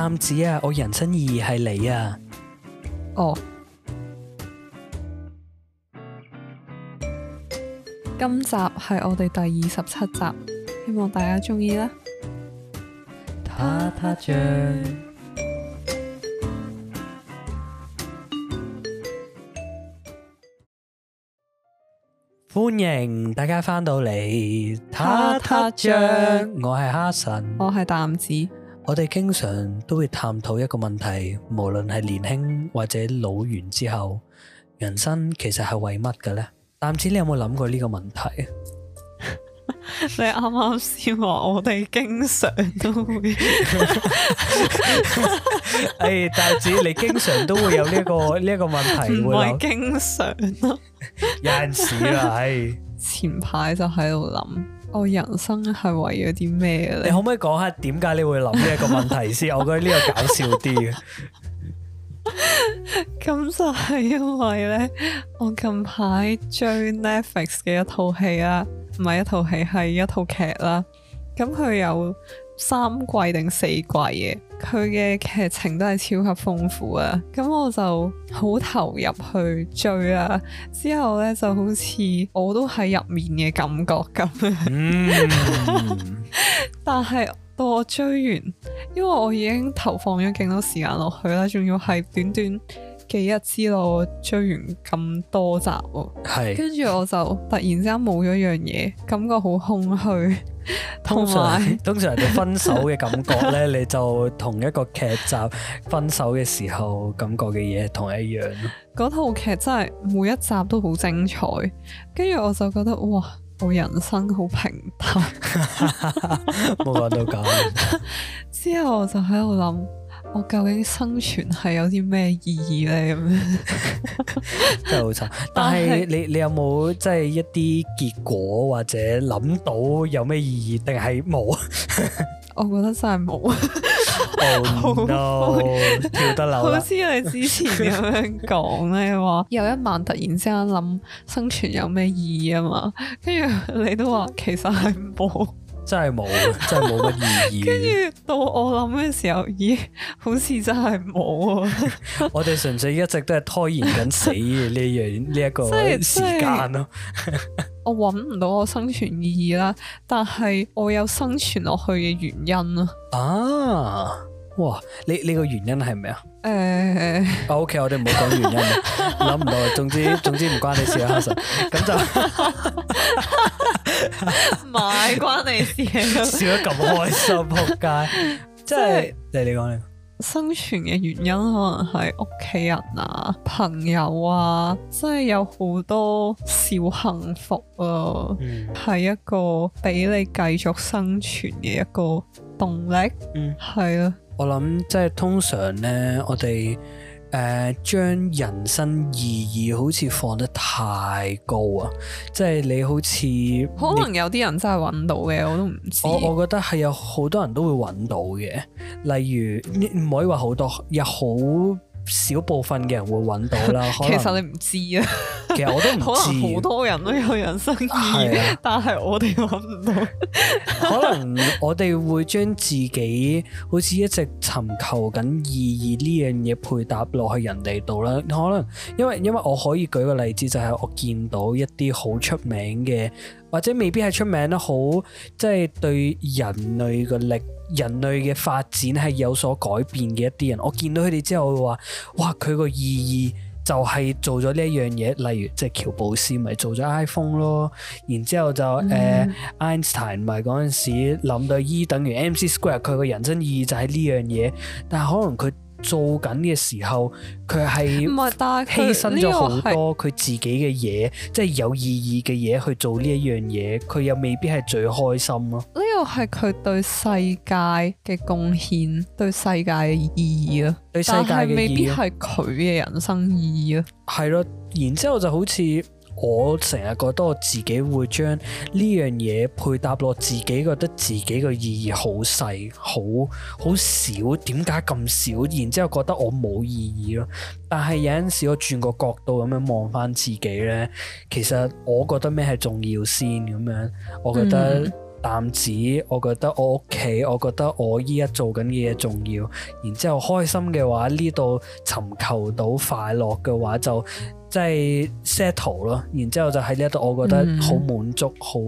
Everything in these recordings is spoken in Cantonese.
淡子啊，我人生意義係你啊！哦，今集係我哋第二十七集，希望大家中意啦！他他醬，歡迎大家翻到嚟，他他醬，我係哈神，我係淡子。我哋經常都會探討一個問題，無論係年輕或者老完之後，人生其實係為乜嘅咧？達志，你有冇諗過呢個問題？你啱啱先話我哋經常都會、 哎，誒，達志，你經常都會有呢、這個呢一、這個問題，唔係經常咯、啊，有陣時啦，唉、哎，前排就喺度諗。我人生係為咗啲咩咧？你可唔可以講下點解你會諗呢一個問題先？ 我覺得呢個搞笑啲嘅。咁就係因為咧，我近排追 Netflix 嘅一套戲啦，唔係一套戲，係一套劇啦。咁佢有三季定四季嘅。佢嘅劇情都係超級豐富啊，咁我就好投入去追啦，啊。之後咧就好似我都喺入面嘅感覺咁。嗯、 但係到我追完，因為我已經投放咗勁多時間落去啦，仲要係短短幾日之內我追完咁多集喎，啊。是跟住我就突然之間冇咗樣嘢，感覺好空虛。通常通常，人哋分手嘅感覺咧， 你就同一個劇集分手嘅時候感覺嘅嘢同一樣。嗰套劇真係每一集都好精彩，跟住我就覺得哇，我人生好平淡，冇講 到咁。 之後我就喺度諗。我究竟生存係有啲咩意義咧？咁 樣 真係好慘。但係你你有冇即係一啲結果或者諗到有咩意義？定係冇？ 我覺得真係冇。Oh no！ 嗯、跳得樓。好似累 你之前咁樣講咧，話 有一晚突然之間諗生存有咩意義啊嘛？跟住你都話其實係冇。 真係冇，真係冇乜意義。跟住 到我諗嘅時候，咦、哎，好似真係冇啊！ 我哋純粹一直都係拖延緊死呢樣呢一個時間咯。 我搵唔到我生存意義啦，但係我有生存落去嘅原因啊。啊，哇！你呢個原因係咩啊？誒、呃、OK，我哋唔好講原因啦，諗唔 到，總之總之唔關你事啦，咁就。 買關你事啊,！ 笑得咁開心，扑街！即係你係你講，生存嘅原因可能係屋企人啊、朋友啊，即係有好多小幸福啊，係、嗯、一個俾你繼續生存嘅一個動力。嗯，係啊的。我諗即係通常咧，我哋。誒、uh, 將人生意義好似放得太高啊！即係你好似，可能有啲人真係揾到嘅，我都唔知。我我覺得係有好多人都會揾到嘅，例如，唔可以話好多，有好，少部分嘅人會揾到啦。其實你唔知啊，其實我都唔知。 可能好多人都有人生意義， 是啊、但係我哋揾唔到。可能我哋會將自己好似一直尋求緊意義呢樣嘢配搭落去人哋度啦。可能因為因為我可以舉個例子，就係、是、我見到一啲好出名嘅，或者未必係出名啦，好即係對人類嘅力。人類嘅發展係有所改變嘅一啲人，我見到佢哋之後會話：哇！佢個意義就係做咗呢一樣嘢，例如即係喬布斯咪做咗 iPhone 咯，然之後就誒 Einstein 咪嗰陣時諗到 E 等於 MC Square，佢個人生意義就係呢樣嘢，但係可能佢。做緊嘅時候，佢係犧牲咗好多佢自己嘅嘢，是即係有意義嘅嘢去做呢一樣嘢，佢、嗯、又未必係最開心咯。呢個係佢對世界嘅貢獻，對世界嘅意義咯，嗯，對世界嘅意義未必係佢嘅人生意義咯。係咯，然之後就好似。我成日覺得我自己會將呢樣嘢配搭落，自己覺得自己嘅意義好細，好好少，點解咁少？然之後覺得我冇意義咯。但係有陣時我轉個角度咁樣望翻自己咧，其實我覺得咩係重要先咁樣？我覺得、嗯。淡子，我覺得我屋企，我覺得我依家做緊嘅嘢重要。然之後開心嘅話，呢度尋求到快樂嘅話，就即係 settle 咯。然之後就喺呢一度，我覺得好滿足，好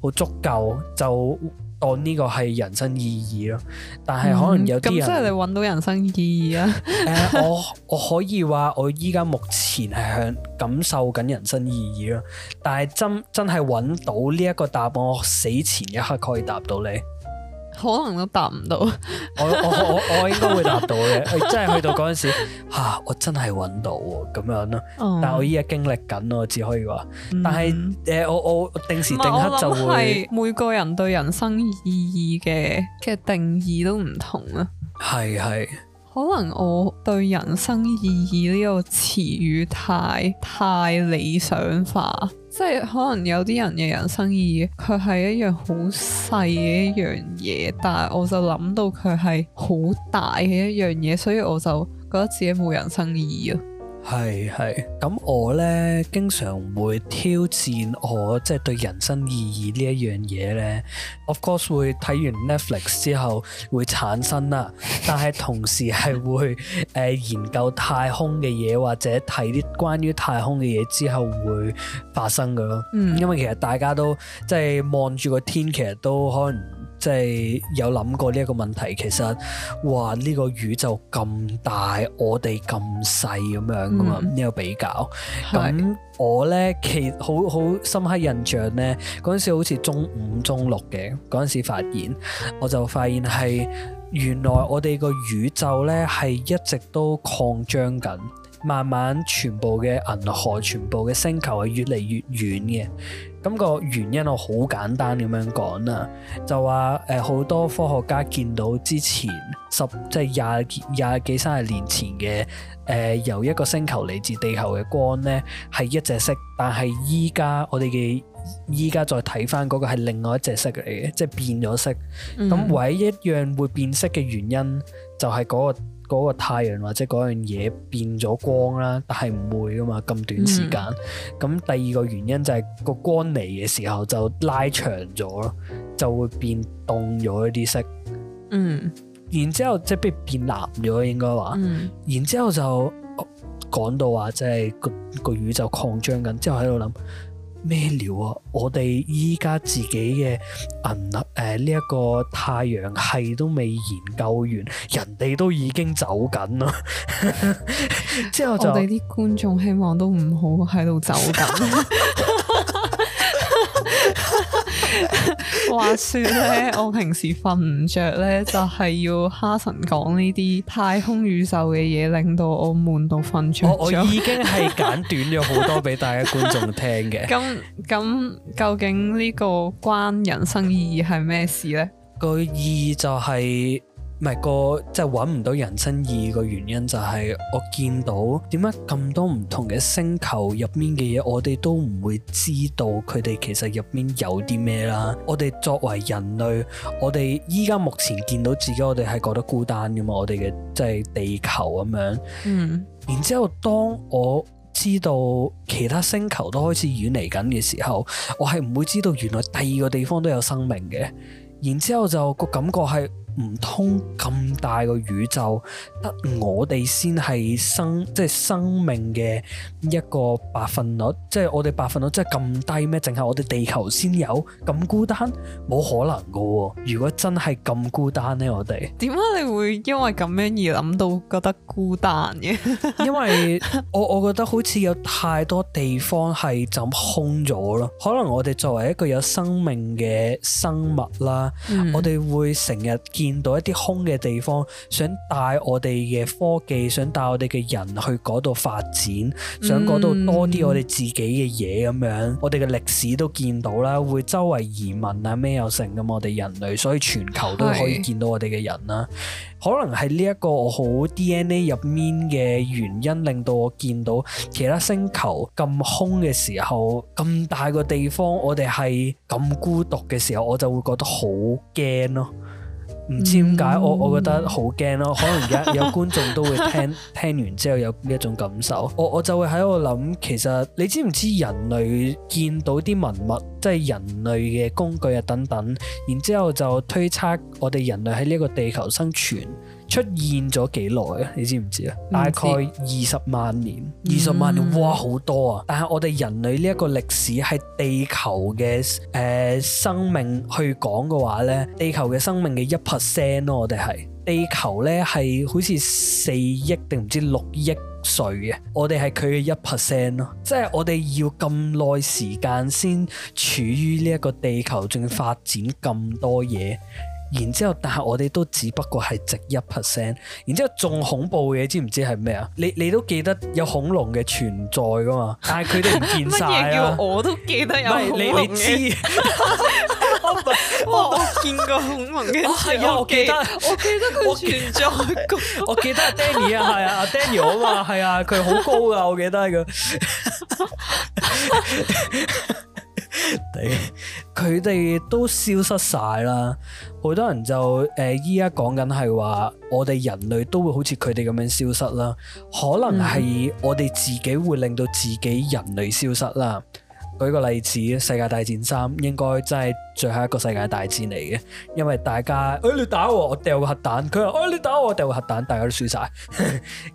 好、嗯、足夠就。當呢個係人生意義咯，但係可能有啲人咁即係你搵到人生意義啊？誒、 呃，我我可以話我依家目前係向感受緊人生意義咯，但係真真係搵到呢一個答案，我死前一刻可以答到你。可能都答唔到，嗯、我在在我我我應該會答到嘅，真係去到嗰陣時，吓我真係搵到咁樣咯。但係我依家經歷緊咯，只可以話。但係誒、嗯呃，我我定時定刻就會。我諗係每個人對人生意義嘅嘅定義都唔同啦。係係，可能我對人生意義呢個詞語太太理想化。即係可能有啲人嘅人生意義，佢係一樣好細嘅一樣嘢，但係我就諗到佢係好大嘅一樣嘢，所以我就覺得自己冇人生意義啊。係係，咁我咧，經常會挑戰我即係對人生意義呢一樣嘢咧，of course 會睇完 Netflix 之後會產生啦，但係同時係會誒、呃、研究太空嘅嘢或者睇啲關於太空嘅嘢之後會發生噶咯，嗯、因爲其實大家都即係望住個天，其實都可能。即係有諗過呢一個問題，其實話呢、這個宇宙咁大，我哋咁細咁樣噶嘛呢個比較。咁是我呢，其實好好深刻印象呢，嗰陣時好似中五中六嘅嗰陣時發現，我就發現係原來我哋個宇宙呢，係一直都擴張緊，慢慢全部嘅銀河、全部嘅星球係越嚟越遠嘅，咁、嗰個原因我好簡單咁樣講啦，就話誒好多科學家見到之前十即係廿廿幾、三十年前嘅誒、呃、由一個星球嚟自地球嘅光咧係一隻色，但係依家我哋嘅依家再睇翻嗰個係另外一隻色嚟嘅，即係變咗色。咁唯一一樣會變色嘅原因就係嗰、嗰個。嗰個太陽或者嗰樣嘢變咗光啦，但係唔會㗎嘛，咁短時間。咁、嗯、第二個原因就係個光嚟嘅時候就拉長咗咯，就會變凍咗一啲色。嗯，然之後即係變藍咗應該話。嗯、然之後就講、哦、到話即係個個宇宙擴張緊，之後喺度諗。咩料啊！我哋依家自己嘅銀粒呢一個太陽系都未研究完，人哋都已經走緊啦。 之後就 我哋啲觀眾希望都唔好喺度走緊。 話說咧，我平時瞓唔着咧，就係要哈神講呢啲太空宇宙嘅嘢，令到我悶到瞓着。我我已經係簡短咗好多俾大家觀眾聽嘅。咁咁， 究竟呢個關人生意義係咩事咧？個意義就係、是。唔係、個即係揾唔到人生意義嘅原因就，就係我見到點解咁多唔同嘅星球入面嘅嘢，我哋都唔會知道佢哋其實入面有啲咩啦。我哋作為人類，我哋依家目前見到自己，我哋係覺得孤單㗎嘛。我哋嘅即係地球咁樣。嗯。然之後，當我知道其他星球都開始遠離緊嘅時候，我係唔會知道原來第二個地方都有生命嘅。然之後就、個感覺係。唔通咁大個宇宙得我哋先係生即係、就是、生命嘅一個百分率，即、就、係、是、我哋百分率真係咁低咩？淨係我哋地球先有咁孤單，冇可能㗎。如果真係咁孤單呢，我哋點解你會因為咁樣而諗到覺得孤單嘅？ 因為我我覺得好似有太多地方係咁空咗咯。可能我哋作為一個有生命嘅生物啦，嗯、我哋會成日。見到一啲空嘅地方，想帶我哋嘅科技，想帶我哋嘅人去嗰度發展，想嗰度多啲我哋自己嘅嘢咁樣，嗯、我哋嘅歷史都見到啦，會周圍移民啊咩又成咁，我哋人類所以全球都可以見到我哋嘅人啦。是可能係呢一個我好 DNA 入面嘅原因，令到我見到其他星球咁空嘅時候，咁大個地方，我哋係咁孤獨嘅時候，我就會覺得好驚咯。唔知點解，嗯、我我覺得好驚咯。可能而家有觀眾都會聽 聽完之後有呢一種感受。我我就會喺度諗，其實你知唔知人類見到啲文物，即係人類嘅工具啊等等，然之後就推測我哋人類喺呢個地球生存。出現咗幾耐啊？你知唔知啊？大概二十萬年，嗯、二十萬年，哇，好多啊！但係我哋人類呢一個歷史係地球嘅誒、呃、生命去講嘅話呢，地球嘅生命嘅一 percent 咯，我哋係地球呢，係好似四億定唔知六億歲嘅，我哋係佢嘅一 percent 咯，即係我哋要咁耐時間先處於呢一個地球仲要發展咁多嘢。然之後，但係我哋都只不過係值一 percent。然之後仲恐怖嘅，知唔知係咩啊？你你都記得有恐龍嘅存在㗎嘛？但係佢哋唔見晒， 我都記得有你你知？ 我我見過恐龍嘅。係啊，啊，我記得我記得我記得存在 我記得 Danny 啊，係啊，Danny 啊嘛，係啊，佢好高㗎，我記得佢。 佢哋 都消失晒啦，好多人就誒依家講緊係話，我哋人類都會好似佢哋咁樣消失啦，可能係我哋自己會令到自己人類消失啦。舉個例子，世界大戰三應該真係最後一個世界大戰嚟嘅，因為大家，誒、哎、你打我，我掉個核彈，佢話，誒、哎、你打我，掉個核彈，大家都輸晒，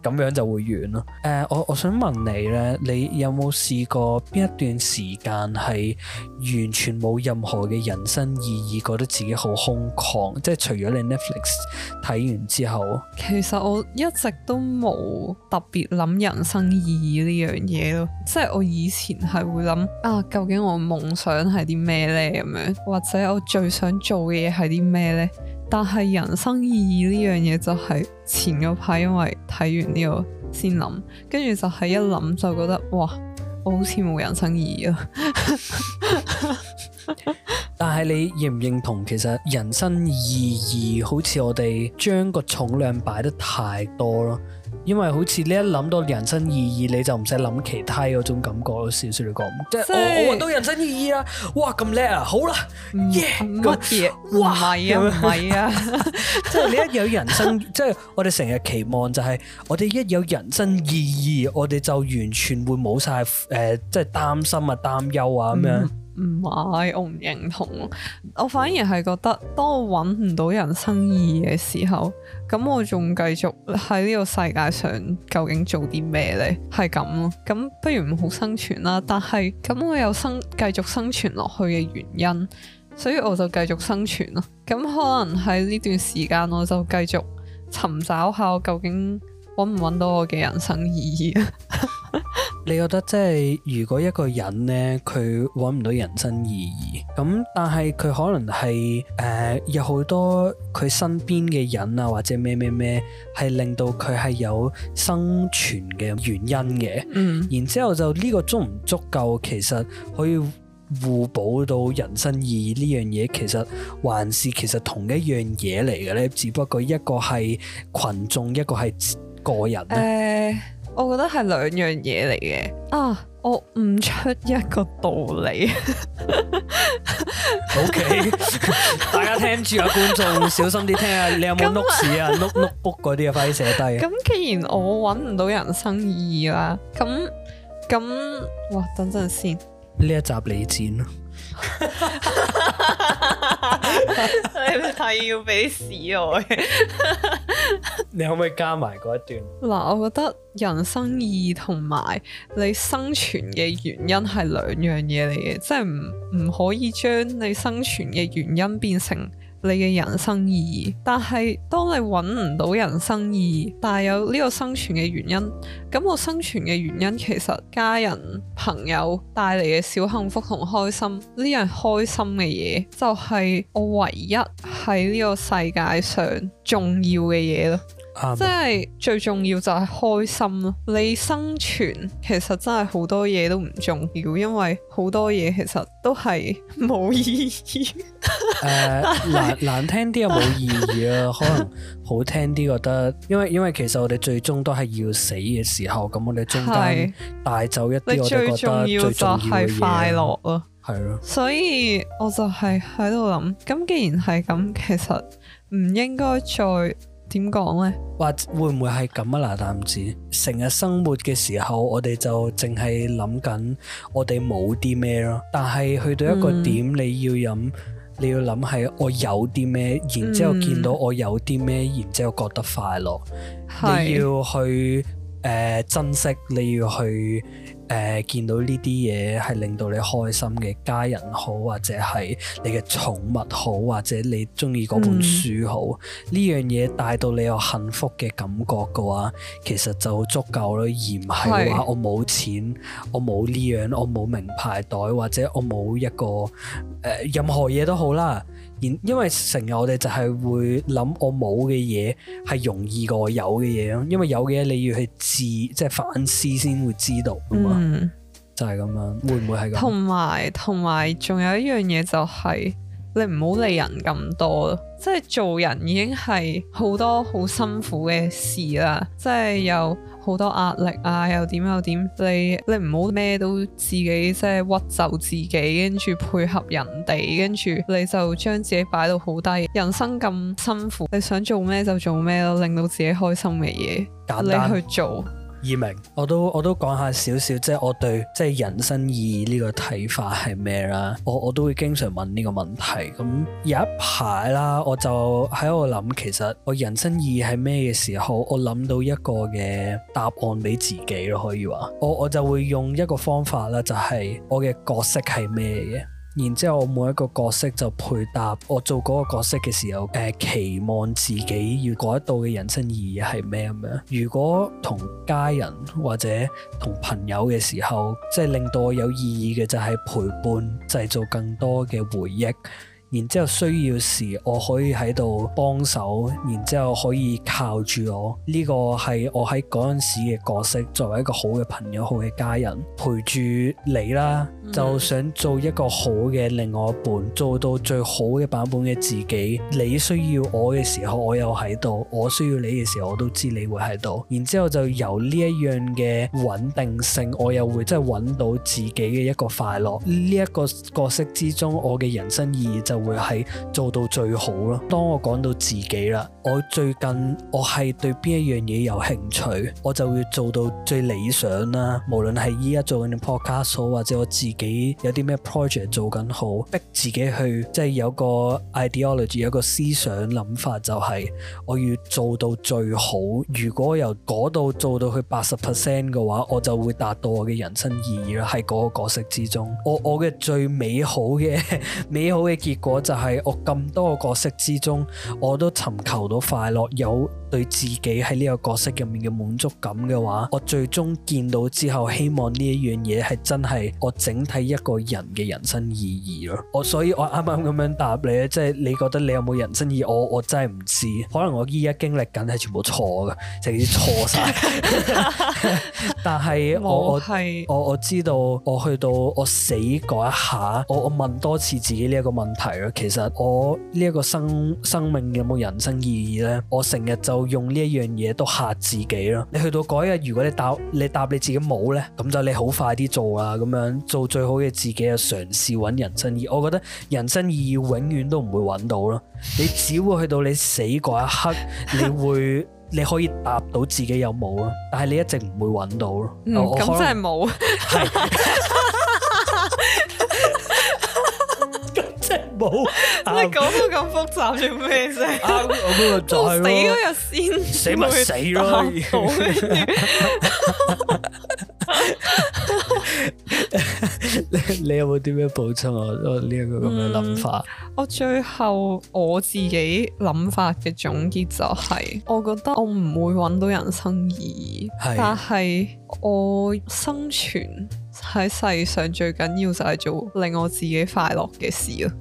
咁 樣就會完咯。誒、呃，我我想問你咧，你有冇試過邊一段時間係完全冇任何嘅人生意義，覺得自己好空曠，即係除咗你 Netflix 睇完之後？其實我一直都冇特別諗人生意義呢樣嘢咯，即、就、係、是、我以前係會諗。啊！究竟我夢想係啲咩呢？咁樣或者我最想做嘅嘢係啲咩呢？但係人生意義呢樣嘢就係前嗰排因為睇完呢個先諗，跟住就係一諗就覺得哇，我好似冇人生意義啊！ 」 但係你認唔認同其實人生意義好似我哋將個重量擺得太多咯？因為好似你一諗到人生意義，你就唔使諗其他嗰種感覺咯。少少嚟講，即係是、哦、我揾到人生意義啦！哇，咁叻啊！好啦，乜嘢？唔係啊，唔係 啊！ 即係你一有人生， 即係我哋成日期望就係我哋一有人生意義，我哋就完全會冇晒，誒、呃，即係擔心啊、擔憂啊咁樣。嗯。唔係，我唔認同。我反而係覺得，當我揾唔到人生意義嘅時候，咁我仲繼續喺呢個世界上究竟做啲咩呢？係咁咯。咁不如唔好生存啦。但係咁，我有生繼續生存落去嘅原因，所以我就繼續生存咯。咁可能喺呢段時間，我就繼續尋找下，究竟揾唔揾到我嘅人生意義啊？ 你覺得，即係如果一個人呢，佢揾唔到人生意義，咁但係佢可能係誒、呃、有好多佢身邊嘅人啊，或者咩咩咩係令到佢係有生存嘅原因嘅。嗯。然之後就呢、呢個足唔足夠，其實可以互補到人生意義呢樣嘢，其實還是其實同一樣嘢嚟嘅呢？只不過一個係群眾，一個係個人咧。呃我覺得係兩樣嘢嚟嘅啊！我悟出一個道理。 o Okay . K， 大家聽住啊，觀眾小心啲聽、啊、 下，你有冇碌屎啊？碌碌 book 嗰啲啊，快啲寫低。咁既然我揾唔到人生意義啦，咁咁哇，等陣先。呢一集你剪啦。 你係要俾屎我，你可唔可以加埋嗰一段？嗱，我覺得人生意義同埋你生存嘅原因係兩樣嘢嚟嘅，即係唔唔可以將你生存嘅原因變成，你嘅人生意義，但係當你揾唔到人生意義，但係有呢個生存嘅原因，咁我生存嘅原因其實家人朋友帶嚟嘅小幸福同開心，呢樣開心嘅嘢就係我唯一喺呢個世界上重要嘅嘢咯。嗯。即係最重要就係開心咯。你生存其實真係好多嘢都唔重要，因為好多嘢其實都係冇意義。 誒，難、uh, 難聽啲又冇意義啊， 可能好聽啲覺得，因為因為其實我哋最終都係要死嘅時候，咁我哋中間帶走一啲，我哋覺得最重要，最重要就係快樂啊，係咯的，所以我就係喺度諗，咁既然係咁，其實唔應該再點講呢？或會唔會係咁啊？嗱，但唔知成日生活嘅時候，我哋就淨係諗緊我哋冇啲咩咯，但係去到一個點，嗯、你要飲。你要諗係我有啲咩，然之後見到我有啲咩，然之後覺得快樂。嗯、你要去。誒、呃、珍惜你要去誒、呃、見到呢啲嘢係令到你開心嘅，家人好或者係你嘅寵物好，或者你中意嗰本書好，嗯，呢樣嘢帶到你有幸福嘅感覺嘅話，其實就足夠囉。而唔係話我冇錢，是，我冇呢樣，我冇名牌袋，或者我冇一個誒、呃、任何嘢都好啦。因因為成日我哋就係會諗我冇嘅嘢係容易過有嘅嘢咯，因為有嘅嘢你要去自即係反思先會知道㗎嘛，嗯、就係咁樣，會唔會係咁？同埋同埋仲有一樣嘢就係、是、你唔好理人咁多咯，即係做人已經係好多好辛苦嘅事啦，即係有。好多壓力啊，又點又點，你你唔好咩都自己即係屈就自己，跟住配合人哋，跟住你就將自己擺到好低。人生咁辛苦，你想做咩就做咩咯，令到自己開心嘅嘢，簡單。你去做。意明，我都我都講下少少，即係我對即係人生意義呢個睇法係咩啦。我我都會經常問呢個問題。咁有一排啦，我就喺度諗，其實我人生意義係咩嘅時候，我諗到一個嘅答案俾自己咯。可以話，我我就會用一個方法啦，就係我嘅角色係咩嘅。然之後，我每一個角色就配搭我做嗰個角色嘅時候，誒、呃、期望自己要改得到嘅人生意義係咩咁樣？如果同家人或者同朋友嘅時候，即係令到我有意義嘅就係陪伴，製造更多嘅回憶。然之後需要時，我可以喺度幫手，然之後可以靠住我。呢、這個係我喺嗰陣時嘅角色，作為一個好嘅朋友、好嘅家人，陪住你啦。就想做一個好嘅另外一半，做到最好嘅版本嘅自己。你需要我嘅時候，我又喺度；我需要你嘅時候，我都知你會喺度。然之後就由呢一樣嘅穩定性，我又會即係揾到自己嘅一個快樂。呢、這、一個角色之中，我嘅人生意義就～會係做到最好咯。當我講到自己啦，我最近我係對邊一樣嘢有興趣，我就會做到最理想啦。無論係依家做緊嘅 podcast，或者我自己有啲咩 project 做緊好，逼自己去即係、就是、有個 ideology，有個思想諗法、就是，就係我要做到最好。如果由嗰度做到去八十 percent 嘅話，我就會達到我嘅人生意義啦。喺嗰個角色之中，我我嘅最美好嘅 美好嘅結果。就我就係我咁多個角色之中，我都尋求到快樂，有對自己喺呢個角色入面嘅滿足感嘅話，我最終見到之後，希望呢樣嘢係真係我整體一個人嘅人生意義咯。我所以我啱啱咁樣答你，即係、就是、你覺得你有冇人生意義？我我真係唔知，可能我依家經歷緊係全部錯嘅，成日錯晒。 但係我我我我知道我去到我死嗰一下，我我問多次自己呢一個問題。其實我呢一個生生命有冇人生意義呢？我成日就用呢一樣嘢都吓自己咯。你去到嗰日，如果你答你答你自己冇呢，咁就你好快啲做啦啊，咁樣做最好嘅自己啊，嘗試揾人生意義。我覺得人生意義永遠都唔會揾到咯，你只會去到你死嗰一刻，你會你可以答到自己有冇咯，但係你一直唔會揾到咯。咁真係冇。是 好你講到咁複雜做咩先？啊我啊、都死嗰日先，死咪死咯。你你有冇點樣補充我呢、這、一個咁嘅諗法？嗯、我最後我自己諗法嘅總結就係，我覺得我唔會揾到人生意義，是但係我生存喺世上最緊要就係做令我自己快樂嘅事啊！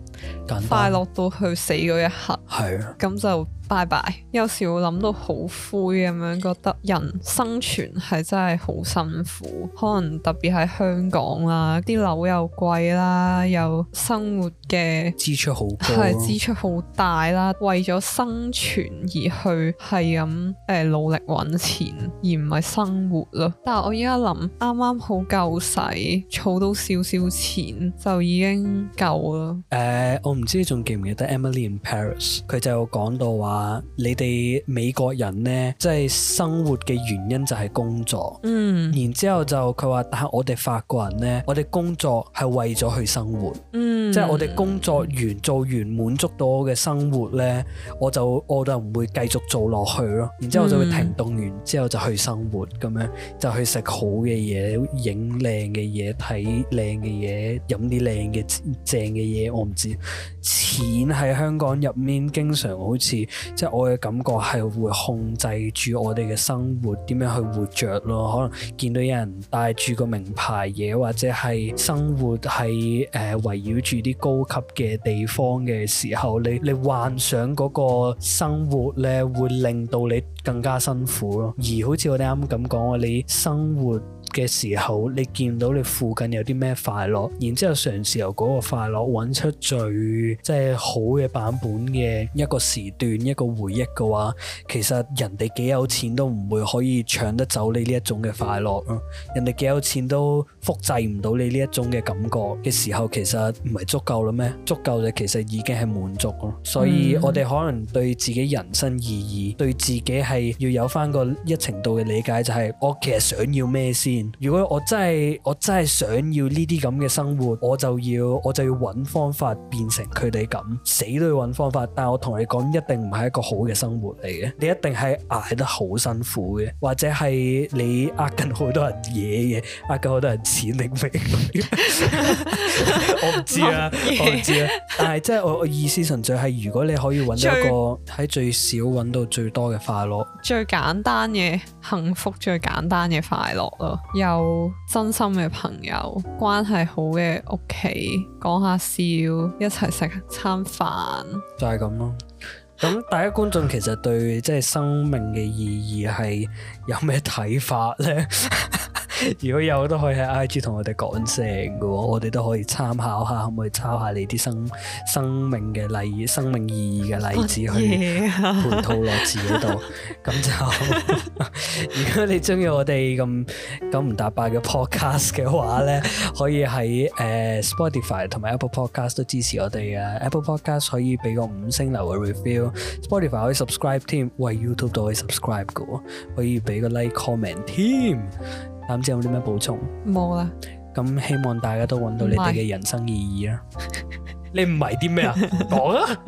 快樂到去死嗰一刻，係啊的，咁就。拜拜。Bye bye. 有時我諗到好灰咁樣，覺得人生存係真係好辛苦。可能特別喺香港啦，啲樓又貴啦，又生活嘅支出好係支出好大啦。為咗生存而去係咁誒努力揾錢，而唔係生活咯。但係我依家諗啱啱好夠使，儲到少少錢就已經夠咯。誒，uh, 我唔知你仲記唔記得 Emily in Paris，佢就講到話。你哋美國人呢，即係生活嘅原因就係工作，嗯，然之後就佢話，但係我哋法國人呢，我哋工作係為咗去生活，嗯，即係我哋工作完，嗯、做完滿足到我嘅生活呢，我就我就唔會繼續做落去咯，然之後就會停動完之後就去生活咁，嗯、樣，就去食好嘅嘢，影靚嘅嘢，睇靚嘅嘢，飲啲靚嘅正嘅嘢，我唔知，錢喺香港入面經常好似。即係我嘅感覺係會控制住我哋嘅生活點樣去活著咯，可能見到有人帶住個名牌嘢，或者係生活係誒、呃、圍繞住啲高級嘅地方嘅時候，你你幻想嗰個生活咧會令到你更加辛苦咯，而好似我哋啱啱咁講啊，你生活嘅時候，你見到你附近有啲咩快樂，然之後嘗試由嗰個快樂揾出最即係好嘅版本嘅一個時段、一個回憶嘅話，其實人哋幾有錢都唔會可以搶得走你呢一種嘅快樂咯。人哋幾有錢都複製唔到你呢一種嘅感覺嘅時候，其實唔係足夠嘞咩？足夠就其實已經係滿足咯。所以我哋可能對自己人生意義、嗯、對自己係要有翻個一程度嘅理解、就係，就係我其實想要咩先？如果我真係我真係想要呢啲咁嘅生活，我就要我就要揾方法變成佢哋咁，死都要揾方法。但係我同你講，一定唔係一個好嘅生活嚟嘅，你一定係捱得好辛苦嘅，或者係你呃緊好多人嘢嘅，呃緊好多人錢，你我唔知啊，我唔知啊。但係即係我我意思純粹係，如果你可以揾到一個喺最少揾到最多嘅快樂，最簡單嘅幸福，最簡單嘅快樂咯。有真心嘅朋友，關係好嘅屋企，講下笑，一齊食餐飯，就係咁咯。咁大家觀眾其實對即係生命嘅意義係有咩睇法呢？ 如果有都可以喺 IG 同我哋講聲嘅，我哋都可以參考下，可唔可以抄下你啲生生命嘅例子，生命意義嘅例子去盤套落字嗰度。咁 就如果你中意我哋咁咁唔搭八嘅 podcast 嘅話咧，可以喺誒、呃、Spotify 同埋 Apple Podcast 都支持我哋啊！Apple Podcast 可以俾個五星流嘅 review，Spotify 可以 subscribe 添，喂 YouTube 都可以 subscribe 嘅，可以俾個 like comment 添。有冇啲咩補充？冇啦。咁希望大家都搵到你哋嘅人生意義啦。你唔係啲咩啊？講啊！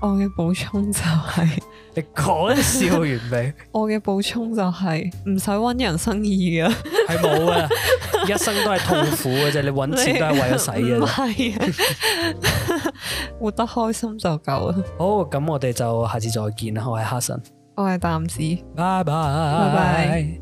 我嘅補充就係你講笑完未？我嘅補充就係唔使搵人生意義嘅，係冇嘅。一生都係痛苦嘅啫，你搵錢都係為咗使嘅，係啊。活得開心就夠啦。好，咁我哋就下次再見啦。我係哈神，我係淡子。拜拜，拜拜。